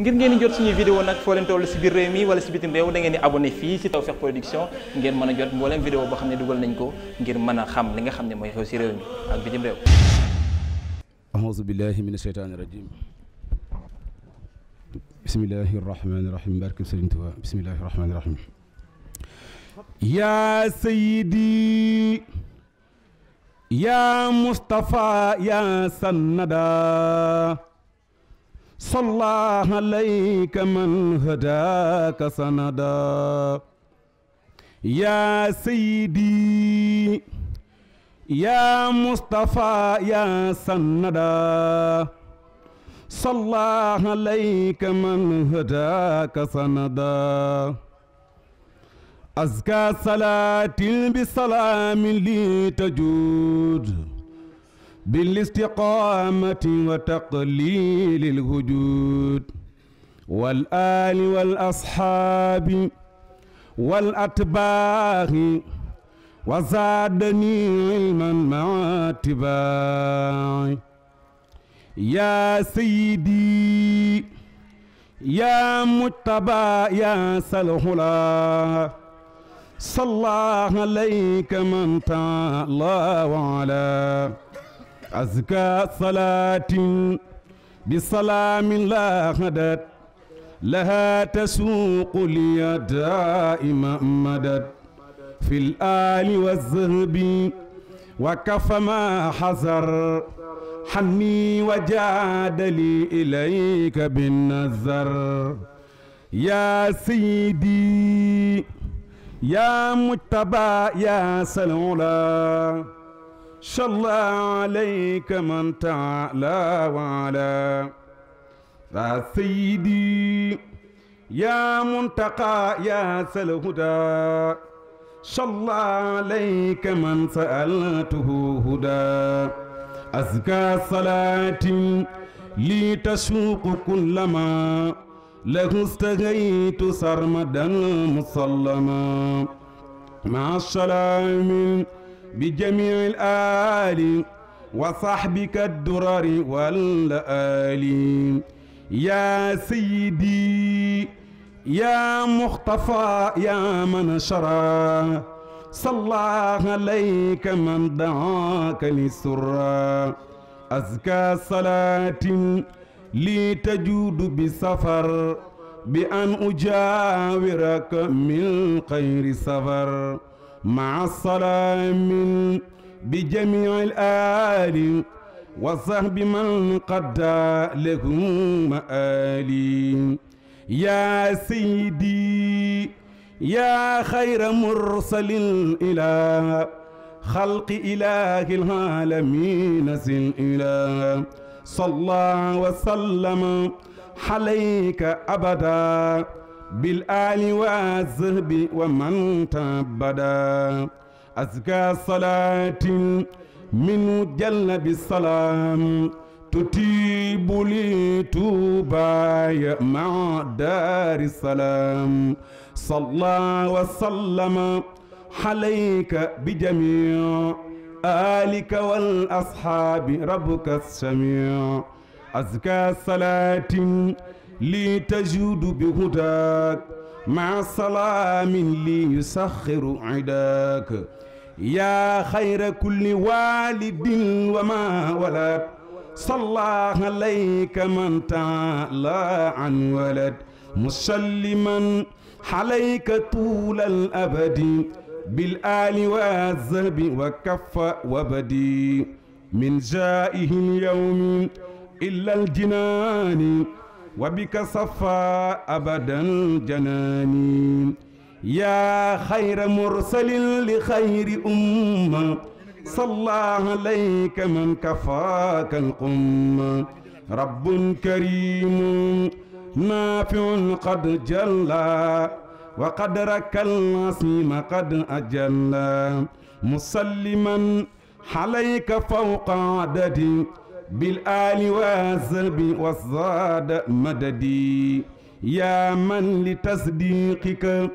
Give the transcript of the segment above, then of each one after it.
ngir ngeen di jot suñuy vidéo nag foo leen si biir réew mi wala si bitim réew da ngeen di abonné fii si Tawfekh Production ngeen mën a jot mbooleem vidéo boo xam ne dugal nañ ko ngir mën a xam li nga xam ne mooy xew si réew mi ak bitim réew ahousu billahi min asheytaani rajim bismillahi rahmaani rahim barke Sëriñ Tuubaa bismillahi rahmaani rahim yaa sayyidi yaa Mustafa yaa sannada صلى عليك من هداك سندا يا سيدي يا مصطفى يا سندا صلى عليك من هداك سندا أزكى صلاة بسلام لتجود بالاستقامة وتقليل الوجود والآل والأصحاب والأتباع وزادني علما مع اتباعي يا سيدي يا مجتبى يا سلهلا صلى عليك من تعالى وعلى أزكى صلاة بسلام لا غدت لها تسوق لي دائما مدد في الآل والذهب وكفى ما حذر حني وجاد لي إليك بالنظر يا سيدي يا مجتبى يا سلولا salla alayka man taala wa ala ya sayyidi ya muntaqa ya salhuda salla alayka man sa'altuhu huda azka salatin li tasuuqu kullama lahu istahaytu sarmadan musallama ma salaamin بجميع الآل وصحبك الدرر والآل يا سيدي يا مختفى يا من شرى صلى عليك من دعاك للسرى أزكى صلاة لي تجود بسفر بأن أجاورك من خير سفر مع السلام بجميع الآل وصحب من قد لهم مآلي يا سيدي يا خير مرسل إلى خلق إله العالمين سن إلى صلى وسلم عليك أبدا bil aali wa sahbi wa man tabada aska salaatin minu jalla bi salaam tutiibu li tuubaaya ma daari salaam salla wa sallama xalayka bi jamii aalika wal ashaabi rabbuka samii aska salaatin lii tajuudu bi hudaak maa salaamin lii yusaxiru idaak yaa xayra kulli waalidin wa maa walad sallaa alayka man taala an walad musalliman alayka tuulal abadi bil aali wa zahabi wa kaffa wa badi min jaa'ihi l yawmi illa al jinaani wa bika safa abadan janaani yaa xayra mursalin li xayri umma salla alayka man kafaaka alqumma rabbun karimun naafiun qad jalla wa qadraka alasima qad ajalla musalliman alayka fawqa adadi بالآل والسلب والصاد مددي يا من لتصديقك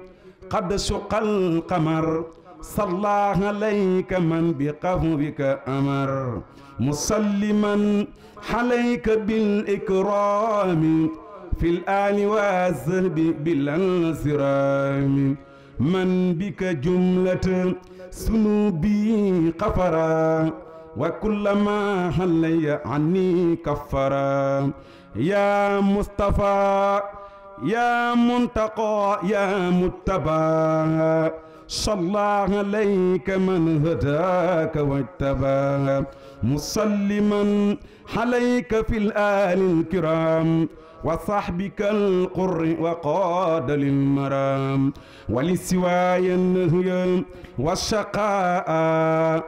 قد شق القمر صلى عليك من بقهوك أمر مسلما عليك بالإكرام في الآل والسلب بالانصرام من بك جملة سنوبي قفرا وكلما حلي عني كفرا يا مصطفى يا منتقى يا متبى صلى عليك من هداك واتبى مسلما عليك في الآل الكرام وصحبك القر وقاد للمرام ولسواي النهي والشقاء